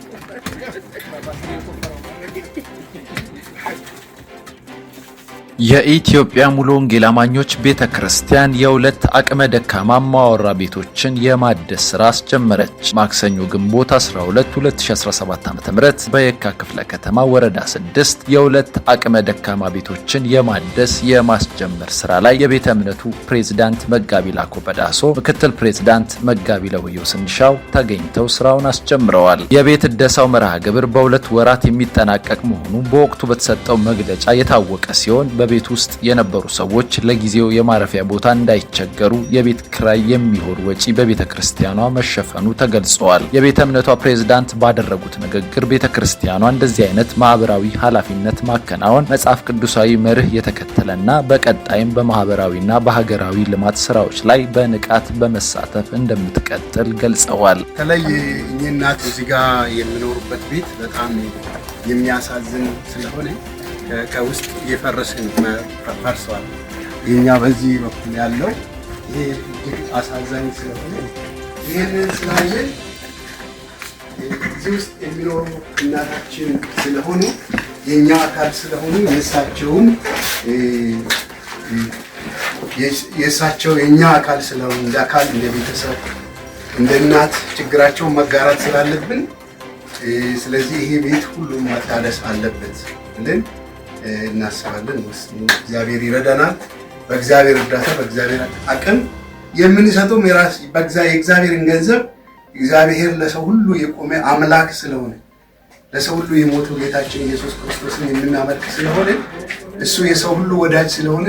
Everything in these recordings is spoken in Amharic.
はい。የኢትዮጵያ ሙሉ ወንጌል አማኞች ቤተ ክርስቲያን የሁለት አቅመ ደካማ ማወራ ቤቶችን የማደስ ስራ አስጀመረች። ማክሰኞ ግንቦት 12 2017 ዓ.ም በየካ ክፍለ ከተማ ወረዳ 6 የሁለት አቅመ ደካማ ቤቶችን የማደስ የማስጀመር ስራ ላይ የቤተ እምነቱ ፕሬዝዳንት መጋቢ ላኮ በዳሶ፣ ምክትል ፕሬዝዳንት መጋቢ ለውየው ስንሻው ተገኝተው ስራውን አስጀምረዋል። የቤት እደሳው መርሃ ግብር በሁለት ወራት የሚጠናቀቅ መሆኑ በወቅቱ በተሰጠው መግለጫ የታወቀ ሲሆን በቤት ውስጥ የነበሩ ሰዎች ለጊዜው የማረፊያ ቦታ እንዳይቸገሩ የቤት ክራይ የሚሆን ወጪ በቤተ ክርስቲያኗ መሸፈኑ ተገልጸዋል። የቤተ እምነቷ ፕሬዝዳንት ባደረጉት ንግግር ቤተ ክርስቲያኗ እንደዚህ አይነት ማህበራዊ ኃላፊነት ማከናወን መጽሐፍ ቅዱሳዊ መርህ የተከተለና በቀጣይም በማህበራዊና በሀገራዊ ልማት ስራዎች ላይ በንቃት በመሳተፍ እንደምትቀጥል ገልጸዋል። በተለይ እኔ እናት እዚህ ጋር የሚኖሩበት ቤት በጣም የሚያሳዝን ስለሆነ ከውስጥ እየፈረስን ፈርሰዋል። የኛ በዚህ በኩል ያለው ይሄ እጅግ አሳዛኝ ስለሆነ ይህንን ስላየን እዚህ ውስጥ የሚኖሩ እናታችን ስለሆኑ የእኛ አካል ስለሆኑ የእሳቸው የእኛ አካል ስለሆኑ እንደ አካል እንደ ቤተሰብ እንደ እናት ችግራቸውን መጋራት ስላለብን ስለዚህ ይሄ ቤት ሁሉም መታደስ አለበት ብለን እናስባለን። እግዚአብሔር ይረዳናል። በእግዚአብሔር እርዳታ፣ በእግዚአብሔር አቅም የምንሰጠው የእግዚአብሔርን ገንዘብ እግዚአብሔር ለሰው ሁሉ የቆመ አምላክ ስለሆነ ለሰው ሁሉ የሞተው ጌታችን ኢየሱስ ክርስቶስን የምናመልክ ስለሆነ እሱ የሰው ሁሉ ወዳጅ ስለሆነ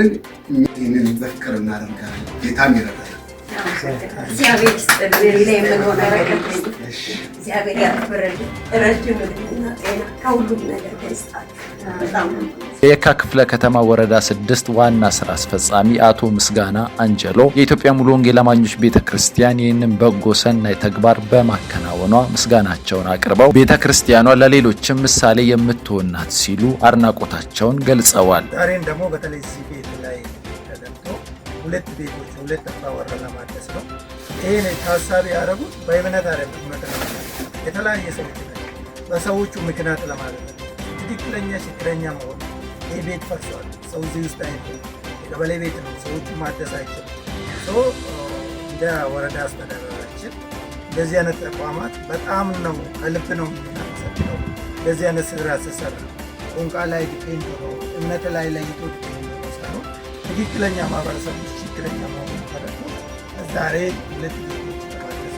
ይህንን በፍቅር እናደርጋለን። ጌታም ይረዳል። እግዚአብሔር እግዚአብሔር ረጅም ጤና ከሁሉም ነገር የየካ ክፍለ ከተማ ወረዳ ስድስት ዋና ስራ አስፈጻሚ አቶ ምስጋና አንጀሎ የኢትዮጵያ ሙሉ ወንጌል አማኞች ቤተ ክርስቲያን ይህንን በጎ ሰናይ ተግባር በማከናወኗ ምስጋናቸውን አቅርበው ቤተ ክርስቲያኗ ለሌሎችም ምሳሌ የምትሆናት ሲሉ አድናቆታቸውን ገልጸዋል። ዛሬም ደግሞ በተለይ እዚህ ቤት ሁለት ቤቶች ሁለት አባወራ ለማደስ ነው። ይህን ታሳቢ ያደረጉት በእምነት አደረጉት መጠና የተለያየ ሰዎች በሰዎቹ ምክንያት ለማለት ትክክለኛ ችግረኛ መሆን ይህ ቤት ፈርሷል፣ ሰው እዚህ ውስጥ አይ የቀበሌ ቤት ነው፣ ሰዎቹ ማደስ አይችል እንደ ወረዳ አስተዳደራችን እንደዚህ አይነት ተቋማት በጣም ነው ከልብ ነው የሚናሰው። እንደዚህ አይነት ስራ ስሰራ ቁንቃ ላይ ዲፔንድ ነው እምነት ላይ ለይቶ ዲፔንድ ነው ትክክለኛ ማህበረሰቦች ትክክለኛ ማህበረሰብ ተደርጎ ዛሬ ሁለት ልጆች ለማድረስ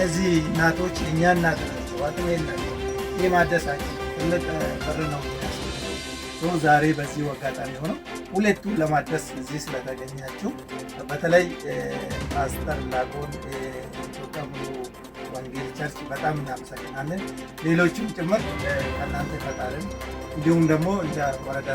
እነዚህ እናቶች የእኛ እናት ናቸው፣ አቅም የላቸው ይህ ማደሳቸው ትልቅ በር ነው። ዛሬ በዚህ አጋጣሚ ሆነው ሁለቱን ለማደስ እዚህ ስለተገኛችሁ በተለይ ፓስተር ላጎን ኢትዮጵያ ቤተ ቸርች በጣም እናመሰግናለን። ሌሎችም ጭምር ከእናንተ ፈጣርን እንዲሁም ደግሞ እንደ ወረዳ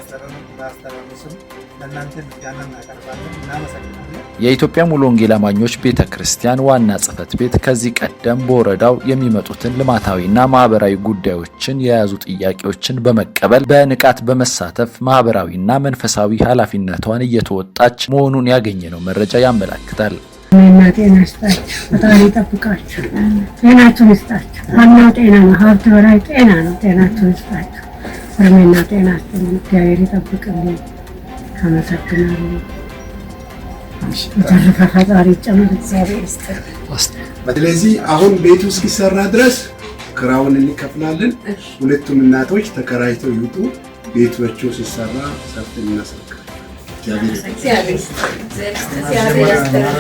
አስተዳደሩ ስም ለእናንተ ምስጋና እናቀርባለን፣ እናመሰግናለን። የኢትዮጵያ ሙሉ ወንጌል አማኞች ቤተ ክርስቲያን ዋና ጽሕፈት ቤት ከዚህ ቀደም በወረዳው የሚመጡትን ልማታዊና ማህበራዊ ጉዳዮችን የያዙ ጥያቄዎችን በመቀበል በንቃት በመሳተፍ ማህበራዊና መንፈሳዊ ኃላፊነቷን እየተወጣች መሆኑን ያገኘነው መረጃ ያመላክታል። እና ጤና ይስጣችሁ፣ ፈጣሪ ይጠብቃችሁ፣ ጤናችሁን ይስጣችሁ። ዋናው ጤና ነው፣ ሀብት በላይ ጤና ነው። ጤናችሁን ይስጣችሁ፣ እድሜና ጤናችሁን እግዚአብሔር ይጠብቅልኝ። አመሰግናለሁ። ፈጣሪ ይጨምር፣ እግዚአብሔር ስለዚህ አሁን ቤቱ እስኪሰራ ድረስ ክራውን እንከፍላለን። ሁለቱም እናቶች ተከራይተው ይውጡ። ቤታቸው ሲሰራ ሰርተን እናስረክባለን። እግዚአብሔር